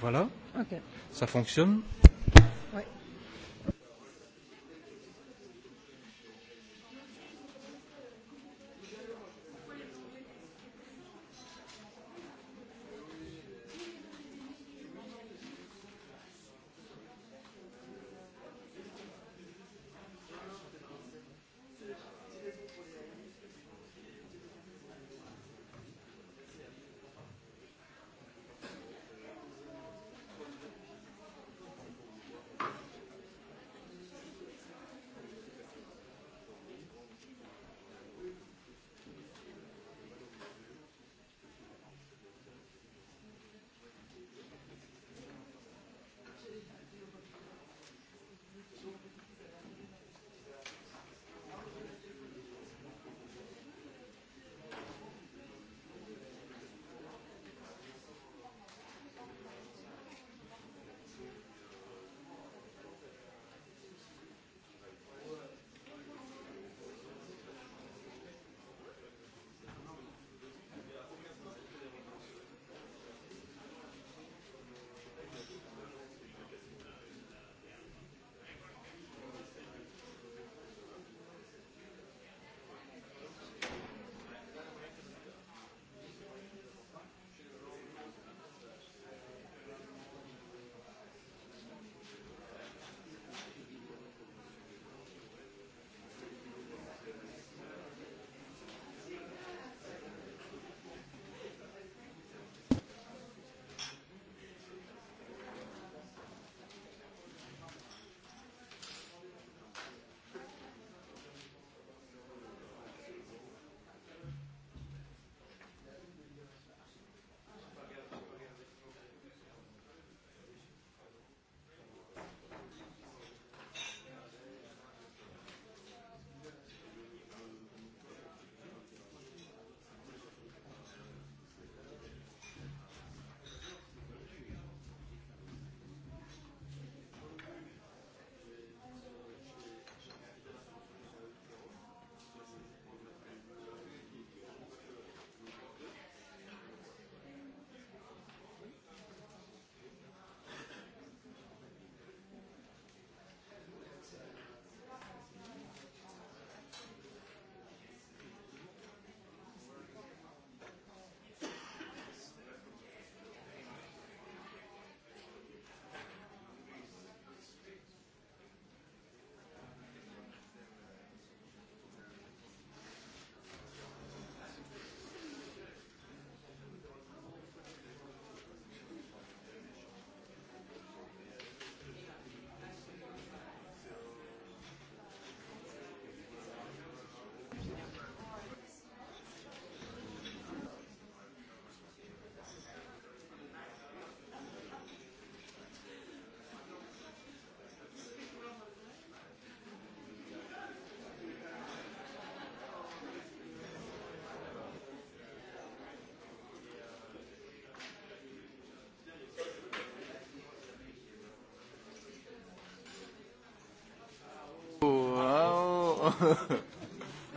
voilà. Okay. Ça fonctionne.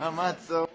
Amato.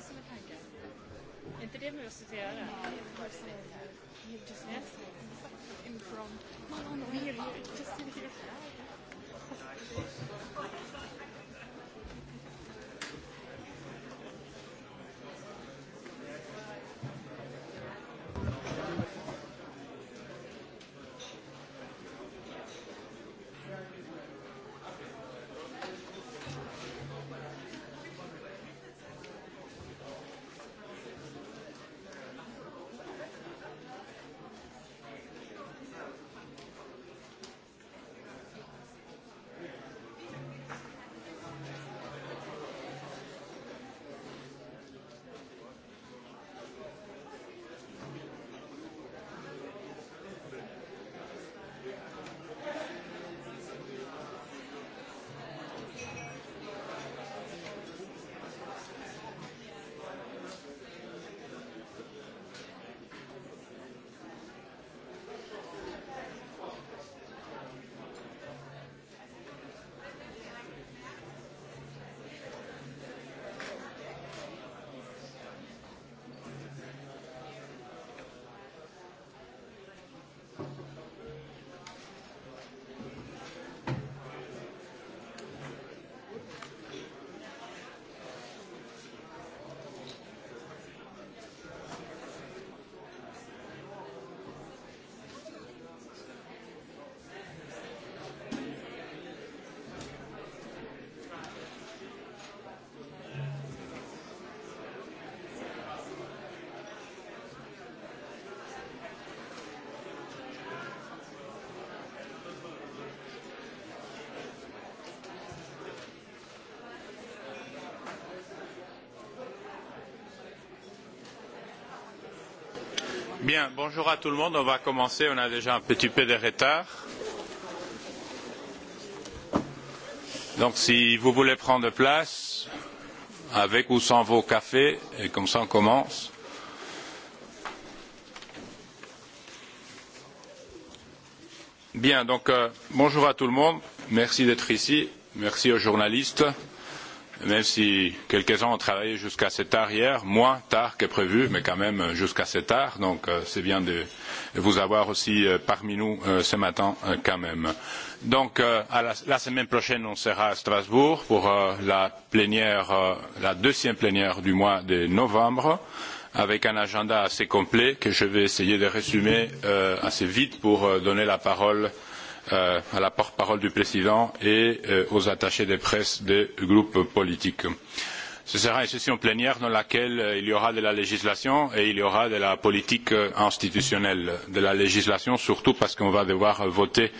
det som är tanken? Är inte det vi måste göra? Just ja. yes. in front. Mom, we're here. Just in here. Bien, bonjour à tout le monde. On va commencer. On a déjà un petit peu de retard. Donc, si vous voulez prendre place, avec ou sans vos cafés, et comme ça, on commence. Bien, donc, euh, bonjour à tout le monde. Merci d'être ici. Merci aux journalistes même si quelques-uns ont travaillé jusqu'à cet tard hier, moins tard que prévu, mais quand même jusqu'à cet tard. Donc euh, c'est bien de vous avoir aussi euh, parmi nous euh, ce matin euh, quand même. Donc euh, à la, la semaine prochaine, on sera à Strasbourg pour euh, la, plénière, euh, la deuxième plénière du mois de novembre avec un agenda assez complet que je vais essayer de résumer euh, assez vite pour euh, donner la parole euh, à la porte-parole du président et euh, aux attachés de presse des groupes politiques. Ce sera une session plénière dans laquelle euh, il y aura de la législation et il y aura de la politique euh, institutionnelle, de la législation surtout parce qu'on va devoir voter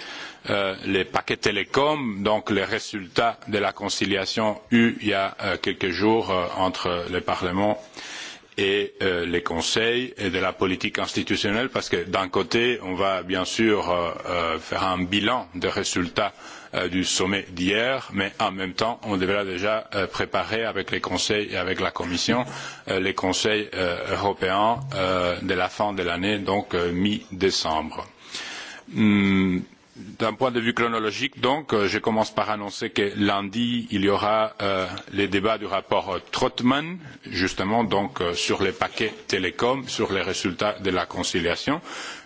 euh, les paquets télécom, donc les résultats de la conciliation eue il y a euh, quelques jours euh, entre le Parlement et euh, le conseil et de la politique institutionnelle parce que d'un côté on va bien sûr euh, euh, faire un bilan des résultats du sommet d'hier mais en même temps on devra déjà préparer avec les conseils et avec la commission les conseils européens de la fin de l'année donc mi décembre. Hum, D'un point de vue chronologique, donc, euh, je commence par annoncer que lundi, il y aura euh, les débats du rapport euh, Trotman, justement, donc, euh, sur les paquets télécoms, sur les résultats de la conciliation.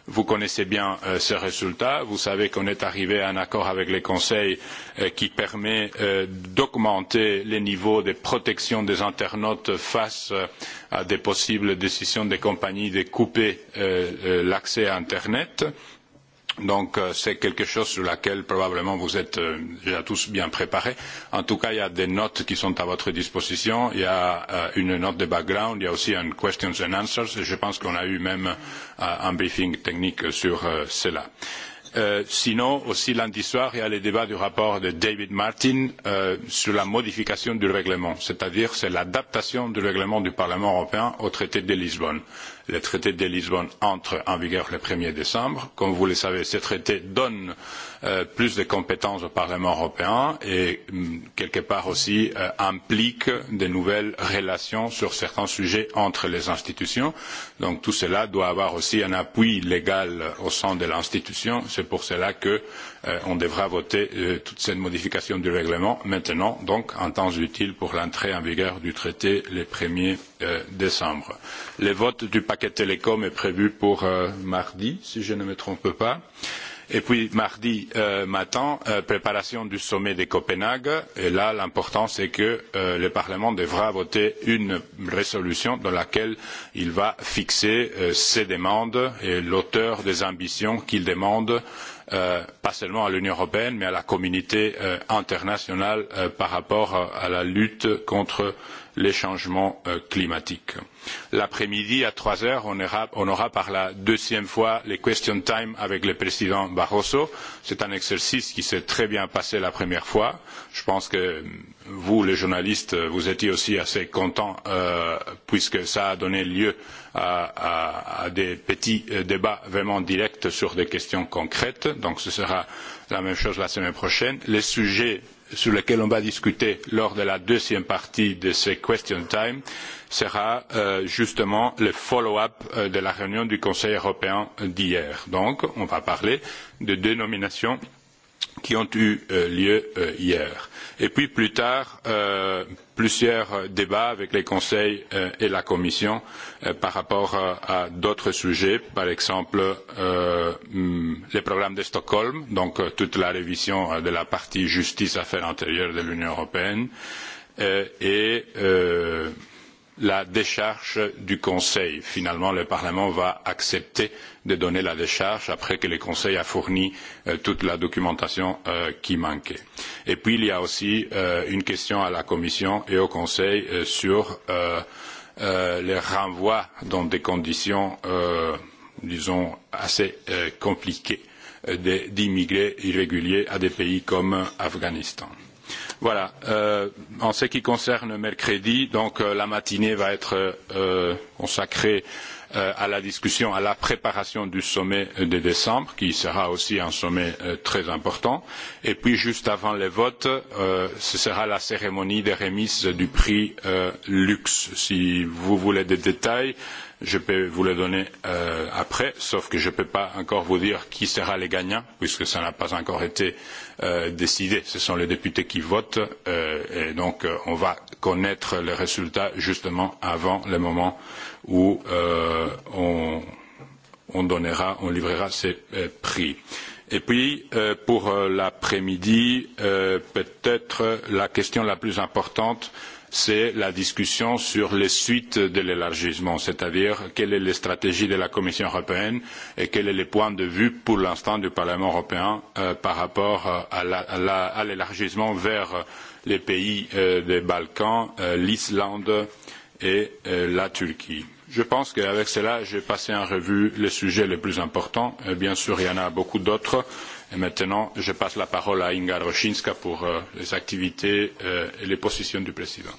Vous connaissez bien euh, ces résultats. Vous savez qu'on est arrivé à un accord avec les conseils euh, qui permet euh, d'augmenter les niveaux de protection des internautes face euh, à des possibles décisions des compagnies de couper euh, euh, l'accès à Internet. Euh, Donc euh, c'est quelque chose sur laquelle probablement vous êtes euh, déjà tous bien préparés. En tout cas, il y a des notes qui sont à votre disposition. Il y a euh, une note de background. Il y a aussi un questions and answers. Et je pense qu'on a eu même euh, un briefing technique sur euh, cela. Euh, sinon, aussi lundi soir, il y a le débat du rapport de David Martin euh, sur la modification du règlement, c'est-à-dire c'est l'adaptation du règlement du Parlement européen au traité de Lisbonne le traité de Lisbonne entre en vigueur le 1er décembre. Comme vous le savez, ce traité donne euh, plus de compétences au Parlement européen et mm, quelque part aussi euh, implique de nouvelles relations sur certains sujets entre les institutions. Donc tout cela doit avoir aussi un appui légal au sein de l'institution. C'est pour cela que euh, on devra voter euh, toute cette modification du règlement maintenant, donc en temps utile pour l'entrée en vigueur du traité le 1er décembre. Euh, décembre. Le vote du paquet télécom est prévu pour euh, mardi, si je ne me trompe pas. Et puis mardi euh, matin, euh, préparation du sommet de Copenhague. Et là, l'important, c'est que euh, le Parlement devra voter une résolution dans laquelle il va fixer euh, ses demandes et l'auteur des ambitions qu'il demande, euh, pas seulement à l'Union européenne, mais à la communauté euh, internationale euh, par rapport euh, à la lutte contre euh, les changements euh, climatiques. L'après-midi, à 3 heures, on aura, on aura par la deuxième fois les question time avec le président Barroso. C'est un exercice qui s'est très bien passé la première fois. Je pense que vous, les journalistes, vous étiez aussi assez contents euh, puisque ça a donné lieu à, à, à des petits euh, débats vraiment directs sur des questions concrètes. Donc ce sera la même chose la semaine prochaine. Les sujets sur lesquels on va discuter lors de la deuxième partie de ce question time sera euh, justement le follow-up euh, de la réunion du Conseil européen d'hier. Donc on va parler de deux nominations qui ont eu euh, lieu euh, hier. Et puis plus tard, euh, plusieurs débats avec les conseils euh, et la commission euh, par rapport euh, à d'autres sujets, par exemple euh, hmm, les programmes de Stockholm, donc euh, toute la révision euh, de la partie justice affaires intérieures de l'Union européenne euh, et euh, la décharge du conseil. Finalement, le Parlement va accepter euh, de donner la décharge après que le conseil a fourni euh, toute la documentation euh, qui manquait. Et puis il y a aussi euh, une question à la commission et au conseil euh, sur euh, euh, les renvois dans des conditions, euh, disons, assez euh, compliquées euh, d'immigrés irréguliers à des pays comme Afghanistan. Voilà. Euh, en ce qui concerne mercredi, donc euh, la matinée va être euh, euh consacrée euh, Euh, à la discussion, à la préparation du sommet de décembre, qui sera aussi un sommet euh, très important. Et puis, juste avant les votes, euh, ce sera la cérémonie de remise du prix Luxe. Si vous voulez des détails, je peux vous le donner euh, après, sauf que je ne peux pas encore vous dire qui sera les gagnants, puisque ça n'a pas encore été euh, décidé. Ce sont les députés qui votent, euh, et donc euh, on va connaître les résultats justement avant le moment où euh, on, on donnera, on livrera ces euh, prix. Et puis, euh, pour euh, l'après-midi, euh, peut-être la question la plus importante, euh, c'est la discussion sur les suites de l'élargissement, c'est-à-dire quelle est la stratégie de la Commission européenne et quel est le point de vue pour l'instant du Parlement européen euh, par rapport euh, à l'élargissement la, à la, à vers euh, les pays euh, des Balkans, euh, l'Islande et euh, la Turquie. Je pense qu'avec cela, j'ai passé en revue les sujets les plus importants. Et euh, bien sûr, il y en a beaucoup d'autres. Et maintenant, je passe la parole à Inga Roshinska pour euh, les activités euh, et les positions du président.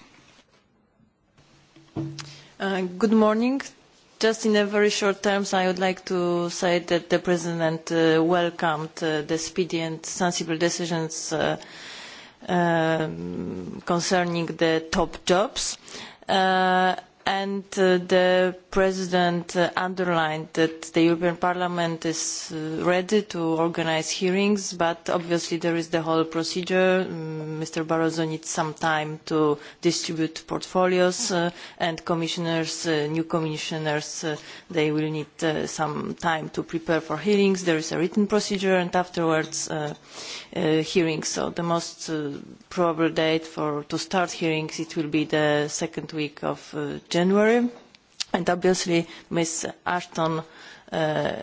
Uh, good morning. Just in a very short terms, I would like to say that the President uh, welcomed uh, the speedy and sensible decisions uh, um, concerning the top jobs. Uh, Uh, the president uh, underlined that the european parliament is uh, ready to organise hearings but obviously there is the whole procedure mr mm, barroso needs some time to distribute portfolios and commissioners new commissioners they will need some time to prepare for hearings there is a written procedure and afterwards hearings so the most probable date to start hearings will be the second week of january. January. And obviously, Ms. Ashton uh,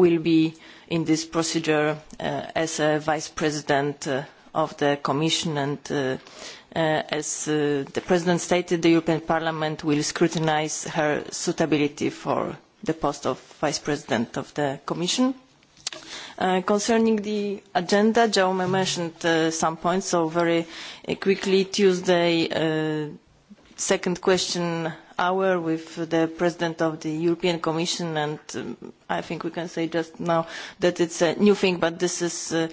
will be in this procedure uh, as a vice president uh, of the Commission. And uh, uh, as uh, the president stated, the European Parliament will scrutinize her suitability for the post of vice president of the Commission. Uh, concerning the agenda, Jaume mentioned uh, some points, so very uh, quickly, Tuesday, uh, second question hour with the president of the European Commission, and um, I think we can say just now that it's a new thing, but this is uh,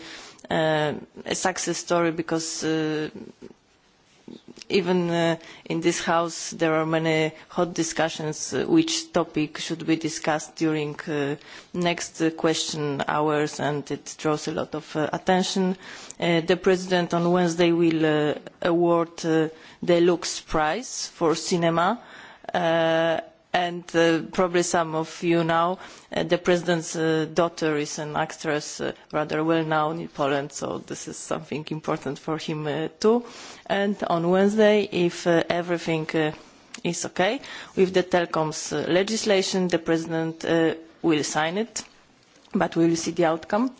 uh, a success story because uh, even uh, in this house there are many hot discussions uh, which topic should be discussed during uh, next uh, question hours and it draws a lot of uh, attention. Uh, the President on Wednesday will uh, award uh, the Lux Prize for cinema. Uh, and uh, probably some of you know uh, the president's uh, daughter is an actress rather well known in poland so this is something important for him too and on wednesday if everything is okay with the telecoms legislation the president will sign it but we will see the outcome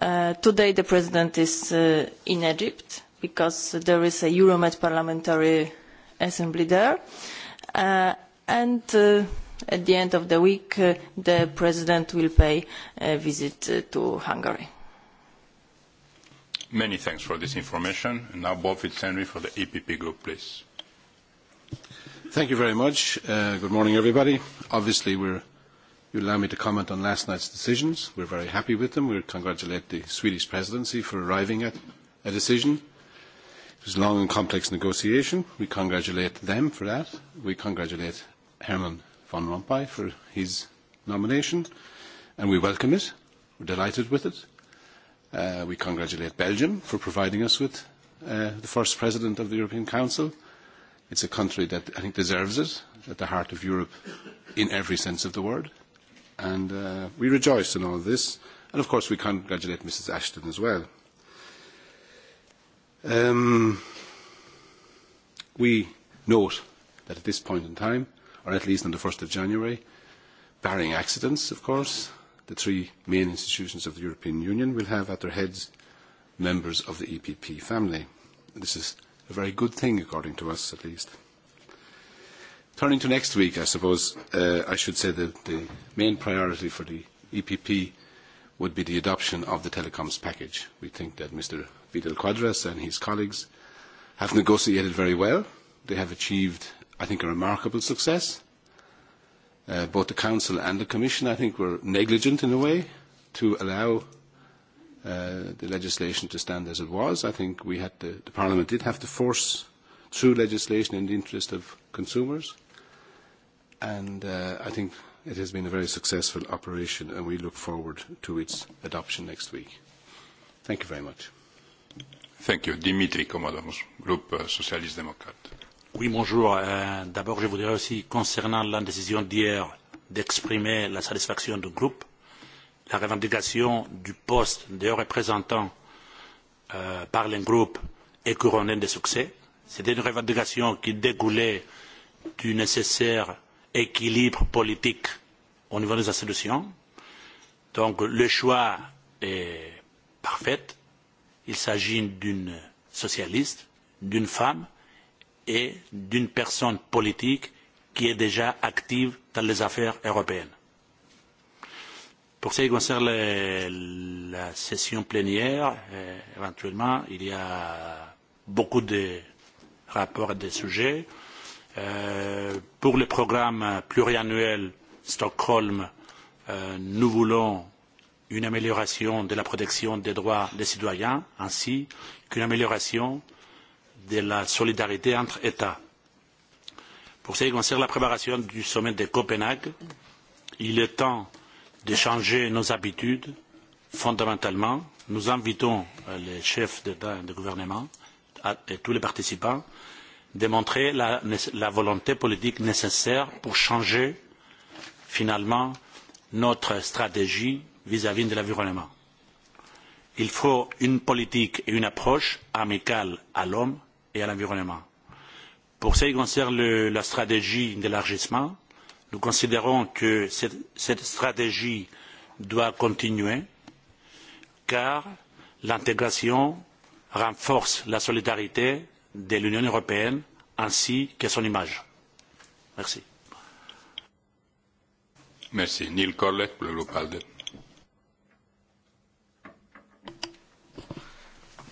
uh, today the president is uh, in egypt because there is a euromed parliamentary assembly there uh, and uh, at the end of the week uh, the president will pay a visit uh, to hungary many thanks for this information and now bob fitzhenry for the epp group please thank you very much uh, good morning everybody obviously we're you allow me to comment on last night's decisions. We're very happy with them. We congratulate the Swedish presidency for arriving at a decision. It was a long and complex negotiation. We congratulate them for that. We congratulate Herman Van Rompuy for his nomination, and we welcome it. We're delighted with it. Uh, we congratulate Belgium for providing us with uh, the first president of the European Council. It's a country that I think deserves it, at the heart of Europe in every sense of the word. And uh, we rejoice in all of this. And of course, we congratulate Mrs. Ashton as well. Um, we note that at this point in time, or at least on the 1st of January, barring accidents, of course, the three main institutions of the European Union will have at their heads members of the EPP family. This is a very good thing, according to us, at least. Turning to next week, I suppose uh, I should say that the main priority for the EPP would be the adoption of the telecoms package. We think that Mr. Vidal Quadras and his colleagues have negotiated very well. They have achieved I think, a remarkable success. Uh, both the council and the commission, I think, were negligent in a way to allow uh, the legislation to stand as it was. I think we had to, the parliament did have to force through legislation in the interest of consumers. And uh, I think it has been a very successful operation, and we look forward to its adoption next week. Thank you very much. Thank you. Dimitri Komodos, Group uh, Socialist Democrat. Oui, bonjour. Euh, D'abord, je voudrais aussi, concernant la décision d'hier d'exprimer la satisfaction du groupe, la revendication du poste des représentants euh, par le groupe est couronnée de succès. C'était une revendication qui découlait du nécessaire équilibre politique au niveau des institutions. Donc le choix est parfait. Il s'agit d'une socialiste, d'une femme, et d'une personne politique qui est déjà active dans les affaires européennes. Pour ce qui concerne les, la session plénière, euh, éventuellement, il y a beaucoup de rapports et de sujets. Euh, pour le programme pluriannuel Stockholm, euh, nous voulons une amélioration de la protection des droits des citoyens, ainsi qu'une amélioration euh, de la solidarité entre États. Pour ce qui concerne la préparation du sommet de Copenhague, il est temps de changer nos habitudes fondamentalement. Nous invitons euh, les chefs d'État et de gouvernement et tous les participants de montrer la, la volonté politique nécessaire pour changer finalement notre stratégie vis-à-vis -vis de l'environnement. Il faut une politique et une approche amicale à l'homme et à l'environnement. Pour ce qui concerne le, la stratégie d'élargissement, nous considérons que cette, cette stratégie doit continuer car l'intégration renforce la solidarité de l'Union européenne ainsi que son image. Merci. Merci. Neil Corlett, pour le groupe ALDE.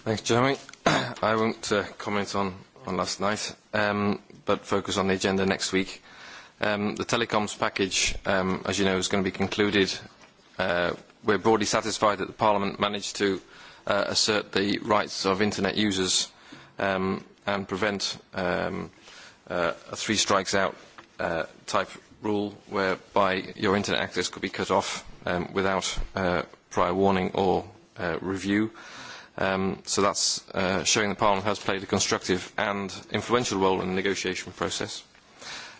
Thanks, Jeremy. I won't uh, comment on, on last night, um, but focus on the agenda next week. Um, the telecoms package, um, as you know, is going to be concluded. Uh, we're broadly satisfied that the Parliament managed to uh, assert the rights of Internet users um, and prevent um, uh, a three strikes out uh, type rule whereby your Internet access could be cut off um, without uh, prior warning or uh, review. Um, so that's uh, showing that Parliament has played a constructive and influential role in the negotiation process.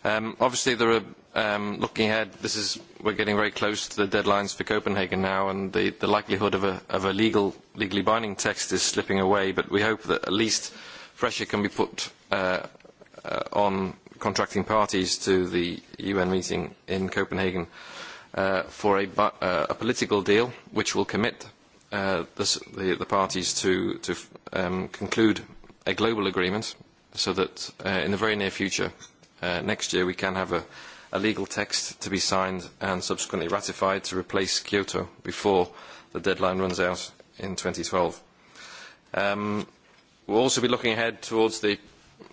Um, obviously, there are, um, looking ahead, this is, we're getting very close to the deadlines for Copenhagen now, and the, the likelihood of a, of a legal, legally binding text is slipping away, but we hope that at least pressure can be put uh, uh, on contracting parties to the UN meeting in Copenhagen uh, for a, uh, a political deal which will commit Uh, this, the, the parties to, to um, conclude a global agreement so that uh, in the very near future, uh, next year, we can have a, a legal text to be signed and subsequently ratified to replace Kyoto before the deadline runs out in 2012. Um, we'll also be looking ahead towards the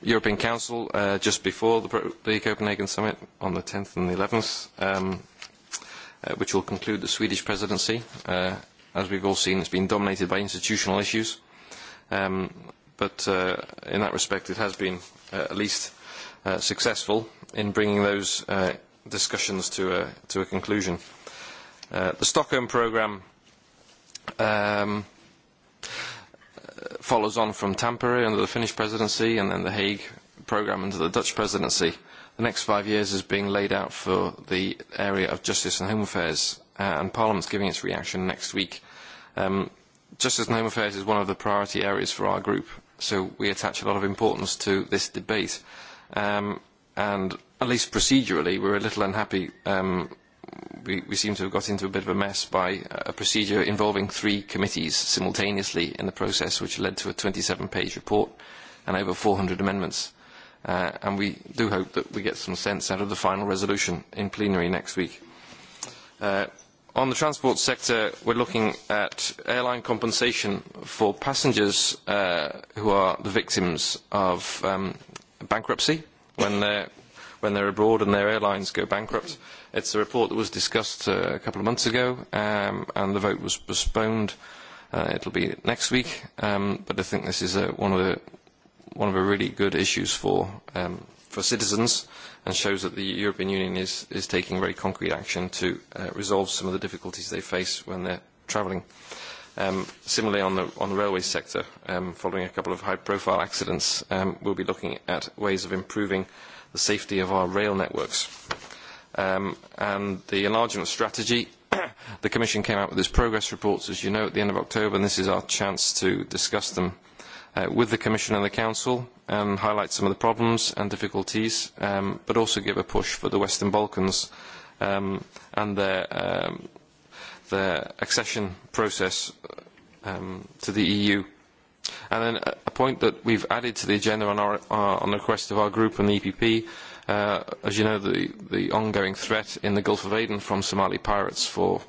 European Council uh, just before the, the Copenhagen Summit on the 10th and the 11th, um, uh, which will conclude the Swedish presidency. Uh, as we've all seen, it's been dominated by institutional issues. Um, but uh, in that respect, it has been uh, at least uh, successful in bringing those uh, discussions to a, to a conclusion. Uh, the Stockholm programme um, follows on from Tampere under the Finnish presidency and then the Hague programme under the Dutch presidency. The next five years is being laid out for the area of justice and home affairs uh, and Parliament's giving its reaction next week. Um, just as home affairs is one of the priority areas for our group, so we attach a lot of importance to this debate. Um, and at least procedurally, we're a little unhappy. Um, we, we seem to have got into a bit of a mess by a procedure involving three committees simultaneously in the process, which led to a 27-page report and over 400 amendments. Uh, and we do hope that we get some sense out of the final resolution in plenary next week. Uh, On the transport sector, we're looking at airline compensation for passengers uh, who are the victims of um, bankruptcy when they're, when they're abroad and their airlines go bankrupt. It's a report that was discussed uh, a couple of months ago, um, and the vote was postponed. Uh, it'll be next week, um, but I think this is a, uh, one, of the, one of the really good issues for um, for citizens and shows that the European Union is, is taking very concrete action to uh, resolve some of the difficulties they face when they're travelling. Um, similarly, on the, on the railway sector, um, following a couple of high-profile accidents, um, we'll be looking at ways of improving the safety of our rail networks. Um, and the enlargement strategy, the Commission came out with this progress reports, as you know, at the end of October, and this is our chance to discuss them Uh, with the Commission and the Council, um, highlight some of the problems and difficulties, um, but also give a push for the Western Balkans um, and their, um, their accession process um, to the EU. And then a point that we've added to the agenda on, our, uh, on the request of our group and the EPP, uh, as you know, the, the ongoing threat in the Gulf of Aden from Somali pirates for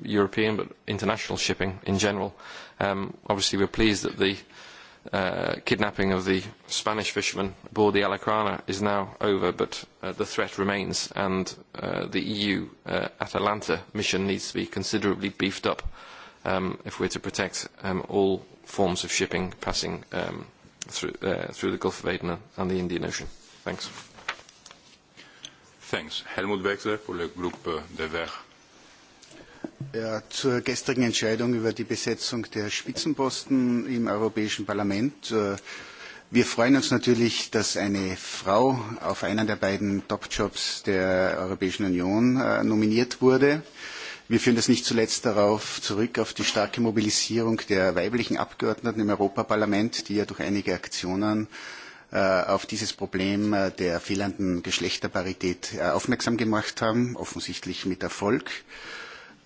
European but international shipping in general. Um, obviously, we're pleased that the, uh, Uh, kidnapping of the Spanish fisherman aboard the Alacrana is now over, but uh, the threat remains, and uh, the EU uh, Atalanta mission needs to be considerably beefed up um, if we're to protect um, all forms of shipping passing um, through, uh, through the Gulf of Aden and the Indian Ocean. Thanks. Thanks. Helmut Wechsler for the Group de Verre. Ja, zur gestrigen Entscheidung über die Besetzung der Spitzenposten im Europäischen Parlament. Äh, wir freuen uns natürlich, dass eine Frau auf einer der beiden Top-Jobs der Europäischen Union äh, nominiert wurde. Wir führen das nicht zuletzt darauf zurück, auf die starke Mobilisierung der weiblichen Abgeordneten im Europaparlament, die ja durch einige Aktionen äh, auf dieses Problem der fehlenden Geschlechterparität aufmerksam gemacht haben, offensichtlich mit Erfolg.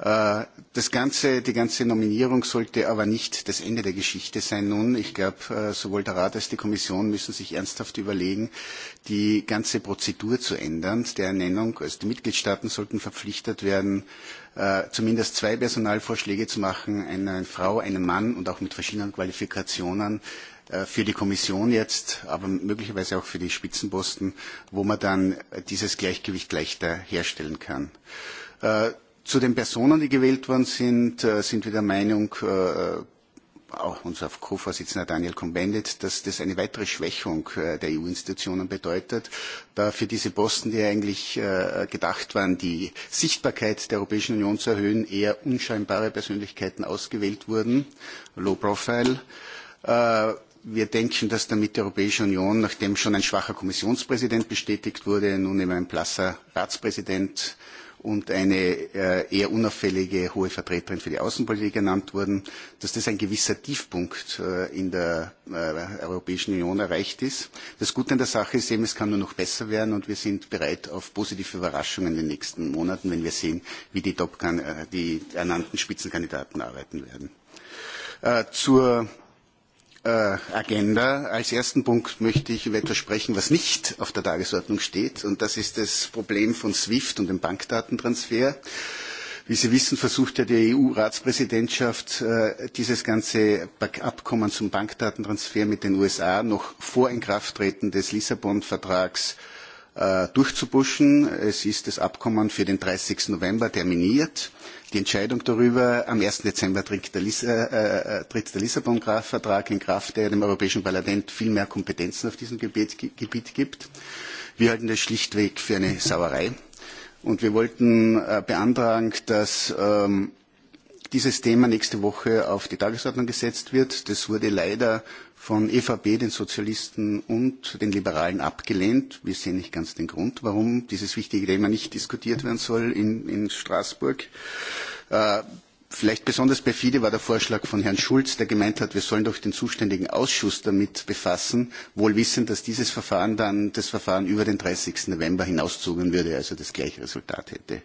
Äh, das ganze, die ganze Nominierung sollte aber nicht das Ende der Geschichte sein nun. Ich glaube, äh, sowohl der Rat als die Kommission müssen sich ernsthaft überlegen, die ganze Prozedur zu ändern, der Ernennung. Also die Mitgliedstaaten sollten verpflichtet werden, äh, zumindest zwei Personalvorschläge zu machen, eine Frau, einen Mann und auch mit verschiedenen Qualifikationen für die Kommission jetzt, aber möglicherweise auch für die Spitzenposten, wo man dann dieses Gleichgewicht leichter herstellen kann. Zu den Personen, die gewählt worden sind, äh, sind wir der Meinung, äh, auch unser Co-Vorsitzender Daniel Convendit, dass das eine weitere Schwächung äh, der EU-Institutionen bedeutet, da für diese Posten, die eigentlich gedacht waren, die Sichtbarkeit der Europäischen Union zu erhöhen, eher unscheinbare Persönlichkeiten ausgewählt wurden, low profile. Wir denken, dass damit die Europäische Union, nachdem schon ein schwacher Kommissionspräsident bestätigt wurde, nun eben ein blasser Ratspräsident äh, und eine äh, eher unauffällige hohe Vertreterin für die Außenpolitik ernannt wurden, dass das ein gewisser Tiefpunkt äh, in der äh, Europäischen Union erreicht ist. Das Gute an der Sache ist eben, es kann nur noch besser werden und wir sind bereit auf positive Überraschungen in den nächsten Monaten, wenn wir sehen, wie die, Top äh, die ernannten Spitzenkandidaten arbeiten werden. Äh, zur äh, Agenda. Als ersten Punkt möchte ich über etwas sprechen, was nicht auf der Tagesordnung steht. Und das ist das Problem von SWIFT und dem Bankdatentransfer. Wie Sie wissen, versucht ja die EU-Ratspräsidentschaft, äh, dieses ganze Abkommen zum Bankdatentransfer mit den USA noch vor Inkrafttreten des Lissabon-Vertrags äh, Äh, durchzupuschen. Es ist das Abkommen für den 30. November terminiert. Die Entscheidung darüber, am 1. Dezember tritt der, Lissa, äh, äh, äh, tritt der Lissabon-Vertrag in Kraft, der dem Europäischen Parlament viel mehr Kompetenzen auf diesem Gebiet, Gebiet gibt. Wir halten das schlichtweg für eine Sauerei. Und wir wollten äh, beantragen, dass ähm, dieses Thema nächste Woche auf die Tagesordnung gesetzt wird. Das wurde leider von EVP, den Sozialisten und den Liberalen abgelehnt. Wir sehen nicht ganz den Grund, warum dieses wichtige Thema nicht diskutiert werden soll in, in Straßburg. Äh, vielleicht besonders perfide war der Vorschlag von Herrn Schulz, der gemeint hat, wir sollen doch den zuständigen Ausschuss damit befassen, wohl wissend, dass dieses Verfahren dann das Verfahren über den 30. November hinauszogen würde, also das gleiche Resultat hätte.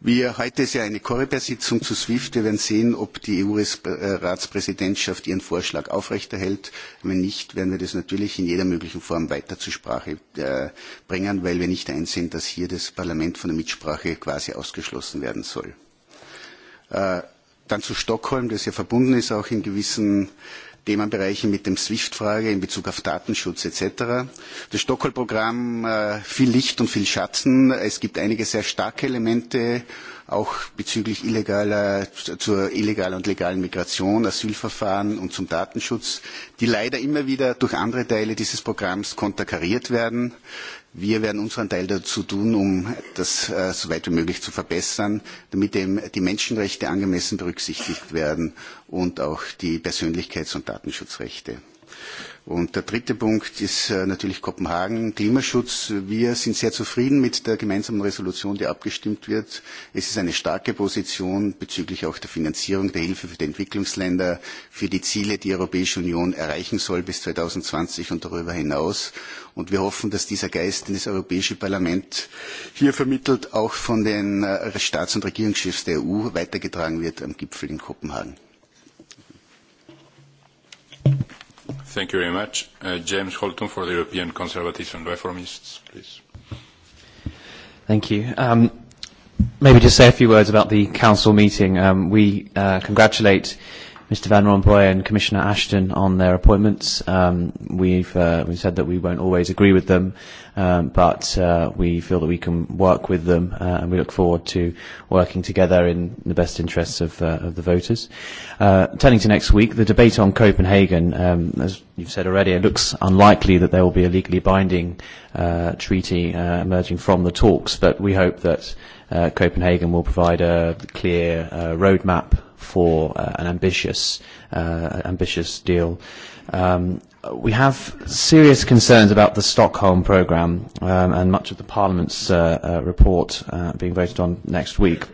Wir heute ist ja eine Korrepersitzung zu SWIFT. Wir werden sehen, ob die EU-Ratspräsidentschaft ihren Vorschlag aufrechterhält. Wenn nicht, werden wir das natürlich in jeder möglichen Form weiter zur Sprache äh, bringen, weil wir nicht einsehen, dass hier das Parlament von der Mitsprache quasi ausgeschlossen werden soll. Äh, dann zu Stockholm, das ja verbunden ist auch in gewissen äh, Themenbereichen mit dem SWIFT-Frage in Bezug auf Datenschutz etc. Das Stockholm-Programm, äh, viel Licht und viel Schatten. Es gibt einige sehr starke Elemente, auch bezüglich illegaler, zur illegalen und legalen Migration, Asylverfahren und zum Datenschutz, die leider immer wieder durch andere Teile dieses Programms konterkariert werden. Wir werden unseren Teil dazu tun, um das äh, so weit wie möglich zu verbessern, damit eben die Menschenrechte angemessen berücksichtigt werden und auch die Persönlichkeits- und Datenschutzrechte. Und der dritte Punkt ist äh, natürlich Kopenhagen. Klimaschutz. Wir sind sehr zufrieden mit der gemeinsamen Resolution, die abgestimmt wird. Es ist eine starke Position bezüglich auch der Finanzierung der Hilfe für die Entwicklungsländer, für die Ziele, die die Europäische Union erreichen soll bis 2020 und darüber hinaus. Und wir hoffen, dass dieser Geist, den das Europäische Parlament hier vermittelt, auch von den äh, Staats- und Regierungschefs der EU weitergetragen wird am Gipfel in Kopenhagen. Thank you. Thank you very much. Uh, James Holton for the European Conservatives and Reformists, please. Thank you. Um, maybe just say a few words about the council meeting. Um, we uh, congratulate. Mr. Van Rompuy and Commissioner Ashton on their appointments. Um, we've, uh, we've said that we won't always agree with them, um, but uh, we feel that we can work with them, uh, and we look forward to working together in the best interests of, uh, of the voters. Uh, turning to next week, the debate on Copenhagen, um, as you've said already, it looks unlikely that there will be a legally binding uh, treaty uh, emerging from the talks, but we hope that uh, Copenhagen will provide a clear uh, roadmap for uh, an ambitious uh, ambitious deal. Um, we have serious concerns about the Stockholm programme um, and much of the Parliament's uh, uh, report uh, being voted on next week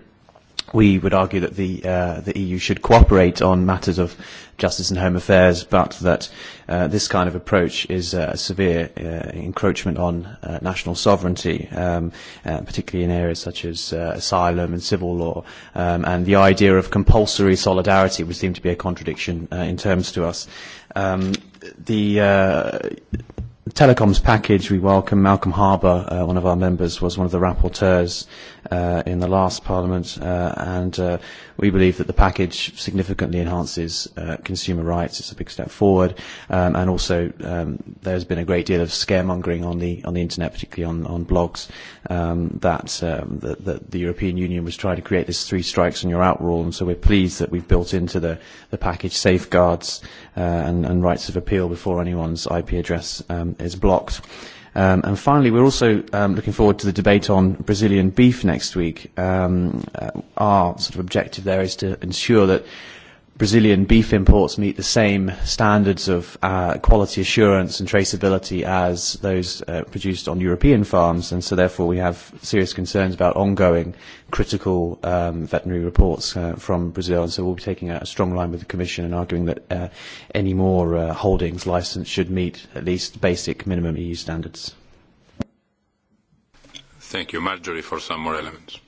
we would argue that the, uh, the EU should cooperate on matters of justice and home affairs, but that uh, this kind of approach is uh, a severe uh, encroachment on uh, national sovereignty, um, uh, particularly in areas such as uh, asylum and civil law. Um, and the idea of compulsory solidarity would seem to be a contradiction uh, in terms to us. Um, the uh, telecoms package we welcome. Malcolm Harbour, uh, one of our members, was one of the rapporteurs uh, in the last Parliament, uh, and uh, we believe that the package significantly enhances uh, consumer rights. It's a big step forward, um, and also um, there's been a great deal of scaremongering on the on the internet, particularly on, on blogs, um, that, um, that that the European Union was trying to create this three strikes and you're out rule. And so we're pleased that we've built into the the package safeguards uh, and, and rights of appeal before anyone's IP address um, is blocked. Um, and finally, we're also um, looking forward to the debate on Brazilian beef next week. Um, uh, our sort of objective there is to ensure that Brazilian beef imports meet the same standards of uh, quality assurance and traceability as those uh, produced on European farms, and so therefore we have serious concerns about ongoing critical um, veterinary reports uh, from Brazil. And so we'll be taking a strong line with the Commission and arguing that uh, any more uh, holdings license should meet at least basic minimum EU standards. Thank you. Marjorie, for some more elements.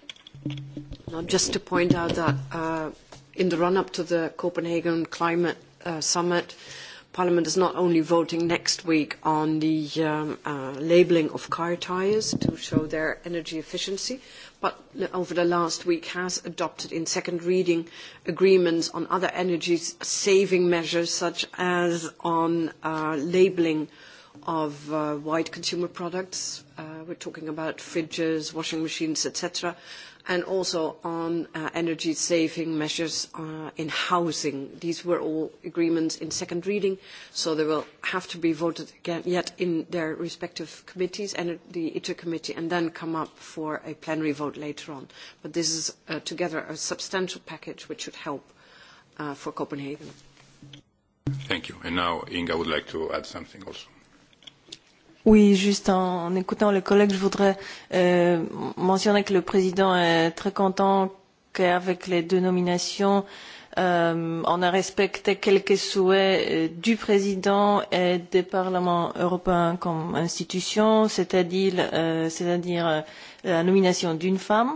Now, just to point out that. Uh, in the run-up to the Copenhagen Climate uh, Summit, Parliament is not only voting next week on the um, uh, labelling of car tyres to show their energy efficiency, but over the last week has adopted in second reading agreements on other energy saving measures, such as on uh, labelling of uh, white consumer products. Uh, we're talking about fridges, washing machines, etc and also on uh, energy-saving measures uh, in housing. These were all agreements in second reading, so they will have to be voted again yet in their respective committees and the ITA committee, and then come up for a plenary vote later on. But this is uh, together a substantial package which should help for Copenhagen. Thank you. And now Inga would like to add something also. Oui, juste en écoutant le collègue, je voudrais euh, mentionner que le président est très content qu'avec les deux nominations, euh, on a respecté quelques souhaits euh, du président et du Parlement européen comme institution, c'est-à-dire euh, c'est-à-dire euh, la nomination d'une femme,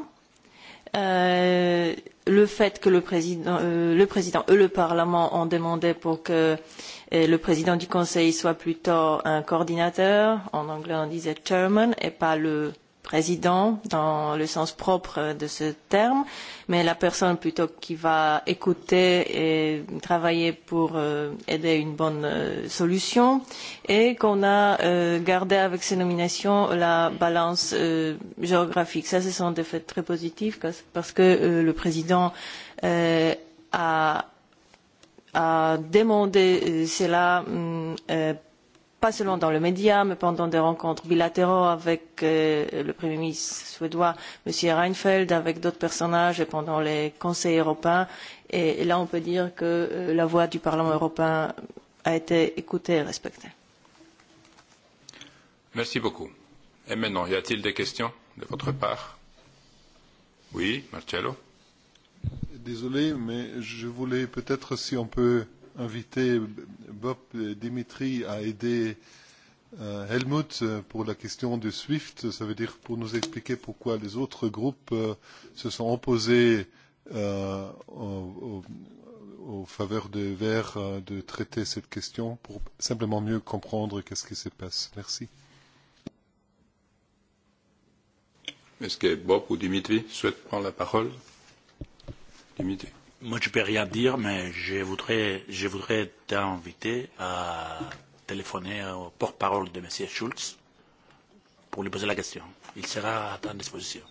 euh, le fait que le président, euh, le président et le Parlement ont demandé pour que euh, le président du conseil soit plutôt un coordinateur en anglais on disait chairman et pas le président dans le sens propre de ce terme mais la personne plutôt qui va écouter et travailler pour euh, aider une bonne euh, solution et qu'on a euh, gardé avec ces nominations la balance euh, géographique ça ce sont des faits très positifs parce que euh, le président euh, a demandé euh, cela mm, euh, pas seulement dans les médias mais pendant des rencontres bilatérales avec euh, le premier ministre suédois m. reinfeldt avec d'autres personnages et pendant les conseils européens et là on peut dire que la voix du parlement européen a été écoutée et respectée. merci beaucoup. et maintenant y a t il des questions de votre part? oui marcello désolé, mais je voulais peut-être si on peut inviter Bob et Dimitri à aider euh, Helmut pour la question de SWIFT. Ça veut dire pour nous expliquer pourquoi les autres groupes euh, se sont opposés euh, au, au, au faveur de Vert euh, de traiter cette question pour simplement mieux comprendre qu'est-ce qui se passe. Merci. Est-ce que Bob ou Dimitri souhaitent prendre la parole Dimitri. Moi, je ne peux rien dire, mais je voudrais, je voudrais t'inviter à téléphoner au porte-parole de M. Schulz pour lui poser la question. Il sera à ta disposition.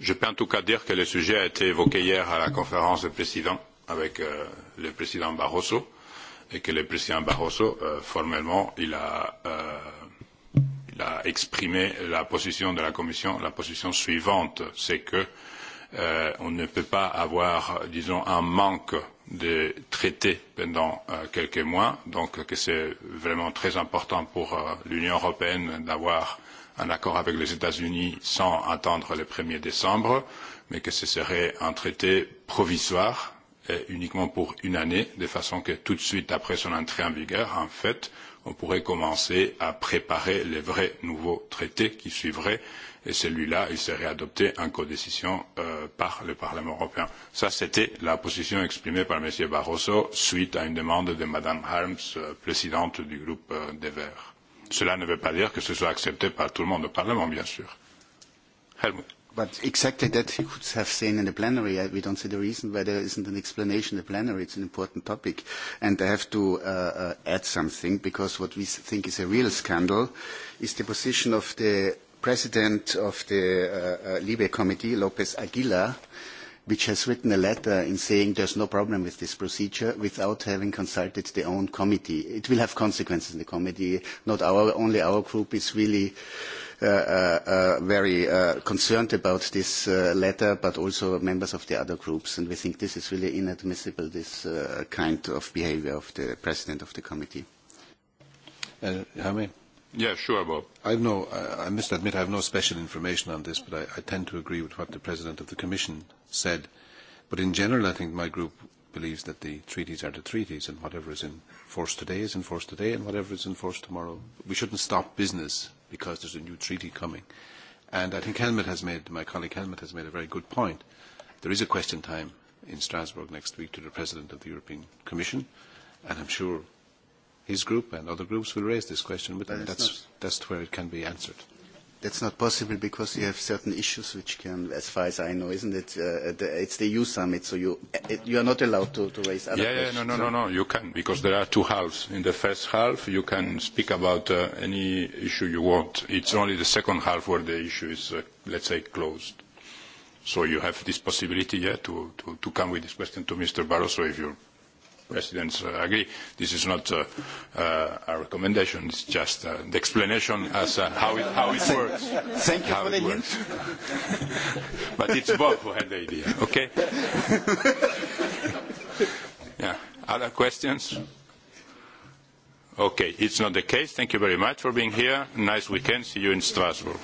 Je peux en tout cas dire que le sujet a été évoqué hier à la conférence du président avec euh, le président Barroso et que le président Barroso, euh, formellement, il a, euh, il a exprimé la position de la Commission. La position suivante, c'est que euh, euh, on ne peut pas avoir, disons, un manque de traités pendant euh, quelques mois, donc que c'est vraiment très important pour euh, l'Union européenne d'avoir un accord avec les États-Unis sans attendre le 1er décembre, mais que ce serait un traité provisoire, et uniquement pour une année, de façon que tout de suite après son entrée en vigueur, en fait, euh, on pourrait commencer à préparer les vrais nouveaux traités qui suivraient. Et celui-là, il serait adopté en codécision euh, par le Parlement européen. Ça, c'était la position exprimée par M. Barroso suite à une demande de Mme Harms, euh, présidente du groupe euh, des Verts. Cela ne veut pas dire que ce soit accepté par tout le monde au Parlement, bien sûr. Helmut. But exactly that you could have seen in the plenary. We don't see the reason why there isn't an explanation in the plenary. It's an important topic. And I have to uh, uh, add something, because what we think is a real scandal is the position of the president of the uh, uh, Libe committee, Lopez Aguilar, which has written a letter in saying there's no problem with this procedure without having consulted the own committee. It will have consequences in the committee. Not our, only our group is really... Uh, uh, uh, very uh, concerned about this uh, letter, but also members of the other groups. And we think this is really inadmissible, this uh, kind of behavior of the president of the committee. Uh, Hermé? Yeah, sure, Bob. I, have no, I, I must admit I have no special information on this, but I, I tend to agree with what the president of the commission said. But in general, I think my group believes that the treaties are the treaties and whatever is in force today is in force today and whatever is in force tomorrow. We shouldn't stop business because there's a new treaty coming. And I think Helmut has made, my colleague Helmut has made a very good point. There is a question time in Strasbourg next week to the President of the European Commission, and I'm sure his group and other groups will raise this question with them. That's, that's where it can be answered that's not possible because you have certain issues which can, as far as I know, isn't it? Uh, the, it's the EU summit, so you uh, you are not allowed to, to raise other yeah, questions. Yeah, no, no, no, no, you can, because there are two halves. In the first half, you can speak about uh, any issue you want. It's only the second half where the issue is, uh, let's say, closed. So you have this possibility, yeah, to, to, to come with this question to Mr. Barroso if you're presidents uh, agree. This is not uh, uh, a recommendation, it's just uh, the explanation as uh, how, it, how it works. Thank you how for it the works. But it's Bob who had the idea, okay? yeah. Other questions? Okay, it's not the case. Thank you very much for being here. Nice weekend. See you in Strasbourg.